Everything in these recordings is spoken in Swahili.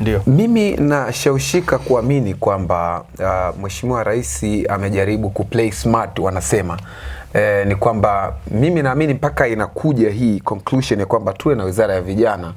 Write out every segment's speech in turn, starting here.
Ndiyo. Mimi nashawishika kuamini kwamba uh, Mheshimiwa Rais amejaribu kuplay smart wanasema Eh, ni kwamba mimi naamini mpaka inakuja hii conclusion ya kwamba tuwe na wizara ya vijana,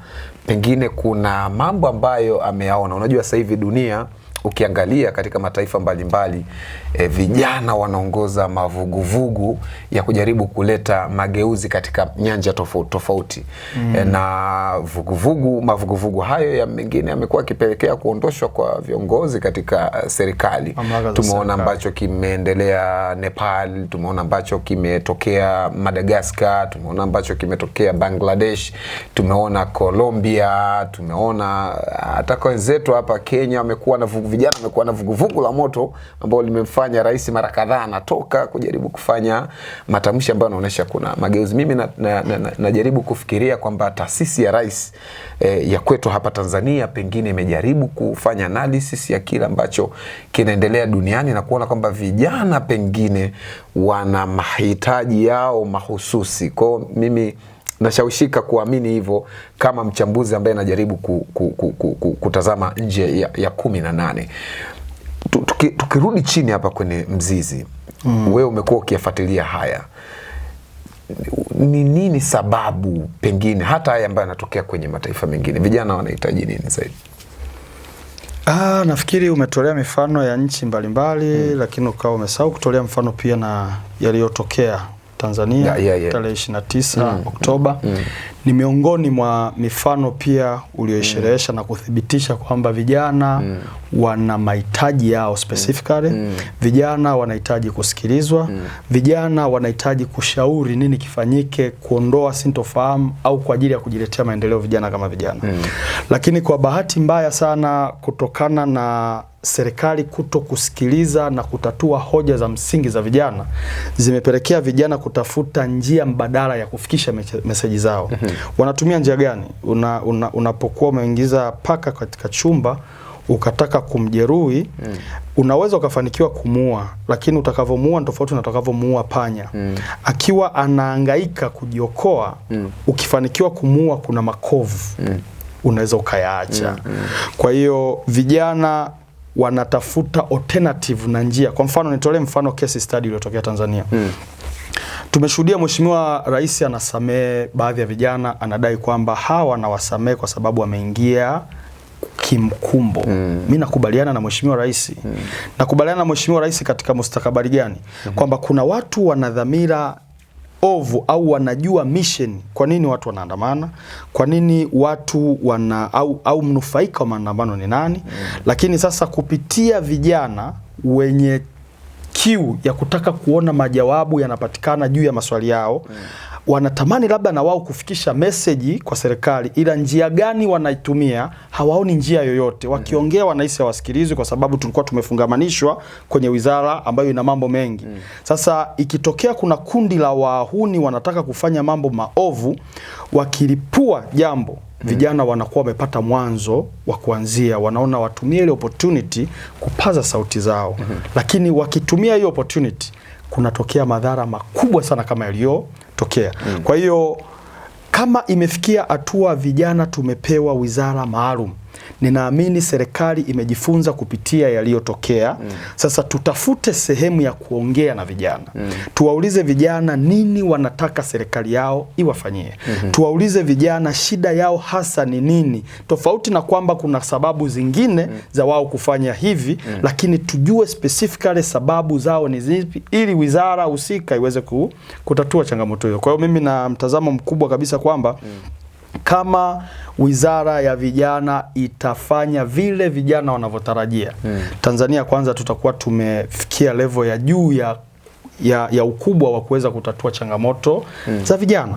pengine kuna mambo ambayo ameyaona. Unajua sasa hivi dunia ukiangalia katika mataifa mbalimbali mbali, eh, e, vijana wanaongoza mavuguvugu ya kujaribu kuleta mageuzi katika nyanja tofauti tofauti. Mm. E, na vuguvugu mavuguvugu hayo ya mengine yamekuwa yakipelekea kuondoshwa kwa viongozi katika eh, serikali. Tumeona ambacho kimeendelea Nepal, tumeona ambacho kimetokea Madagascar, tumeona ambacho kimetokea Bangladesh, tumeona Colombia, tumeona hata wenzetu hapa Kenya wamekuwa na vuguvugu vijana amekuwa na vuguvugu la moto ambao limemfanya rais mara kadhaa anatoka kujaribu kufanya matamshi ambayo anaonyesha kuna mageuzi. Mimi najaribu na, na, na, na kufikiria kwamba taasisi ya rais eh, ya kwetu hapa Tanzania pengine imejaribu kufanya analysis ya kile ambacho kinaendelea duniani na kuona kwamba vijana pengine wana mahitaji yao mahususi. Kwa mimi nashawishika kuamini hivyo kama mchambuzi ambaye anajaribu ku, ku, ku, ku, ku, kutazama nje ya, ya kumi na nane. Tuki, tukirudi chini hapa kwenye mzizi mm. Wewe umekuwa ukiyafuatilia haya, ni nini sababu pengine hata haya ambayo yanatokea kwenye mataifa mengine, vijana wanahitaji nini zaidi? Ah, nafikiri umetolea mifano ya nchi mbalimbali mm. Lakini ukawa umesahau kutolea mfano pia na yaliyotokea Tanzania yeah, yeah, yeah. tarehe 29 mm, mm, Oktoba mm, mm. Ni miongoni mwa mifano pia ulioisherehesha mm. na kuthibitisha kwamba vijana mm. wana mahitaji yao specifically mm. mm. vijana wanahitaji kusikilizwa mm. vijana wanahitaji kushauri nini kifanyike kuondoa sintofahamu au kwa ajili ya kujiletea maendeleo vijana kama vijana mm. Lakini kwa bahati mbaya sana kutokana na serikali kuto kusikiliza na kutatua hoja za msingi za vijana zimepelekea vijana kutafuta njia mbadala ya kufikisha meseji zao. mm -hmm. Wanatumia njia gani? Unapokuwa una, una umeingiza paka katika chumba ukataka kumjeruhi mm. Unaweza ukafanikiwa kumuua, lakini utakavomuua ni tofauti na utakavomuua panya mm. Akiwa anaangaika kujiokoa mm. Ukifanikiwa kumuua kuna makovu mm. Unaweza ukayaacha mm. mm. Kwa hiyo vijana wanatafuta alternative na njia. Kwa mfano nitolee mfano case study iliyotokea Tanzania mm. Tumeshuhudia Mheshimiwa Rais anasamehe baadhi ya vijana, anadai kwamba hawa anawasamehe kwa sababu wameingia kimkumbo. Mm. Mimi nakubaliana na Mheshimiwa Rais. Mm. Nakubaliana na Mheshimiwa Rais katika mustakabali gani? Mm -hmm. Kwamba kuna watu wana dhamira ovu au wanajua mission, kwa nini watu wanaandamana, kwa nini watu wana au, au mnufaika wa maandamano ni nani? mm. Lakini sasa kupitia vijana wenye kiu ya kutaka kuona majawabu yanapatikana juu ya maswali yao mm wanatamani labda na wao kufikisha meseji kwa serikali, ila njia gani wanaitumia hawaoni njia yoyote. Wakiongea wanahisi hawasikilizwi, kwa sababu tulikuwa tumefungamanishwa kwenye wizara ambayo ina mambo mengi. Sasa ikitokea kuna kundi la wahuni wanataka kufanya mambo maovu, wakilipua jambo vijana wanakuwa wamepata mwanzo wa kuanzia, wanaona watumie ile opportunity kupaza sauti zao. Lakini wakitumia hiyo opportunity kunatokea madhara makubwa sana kama yaliyo kutokea mm. Kwa hiyo kama imefikia hatua vijana tumepewa wizara maalum Ninaamini serikali imejifunza kupitia yaliyotokea mm. Sasa tutafute sehemu ya kuongea na vijana mm. Tuwaulize vijana nini wanataka serikali yao iwafanyie mm -hmm. Tuwaulize vijana shida yao hasa ni nini, tofauti na kwamba kuna sababu zingine mm. za wao kufanya hivi mm. Lakini tujue specifically sababu zao ni zipi, ili wizara husika iweze kutatua changamoto hiyo. Kwa hiyo mimi na mtazamo mkubwa kabisa kwamba mm kama wizara ya vijana itafanya vile vijana wanavyotarajia hmm. Tanzania kwanza tutakuwa tumefikia levo ya juu ya ya, ya ukubwa wa kuweza kutatua changamoto hmm. za vijana.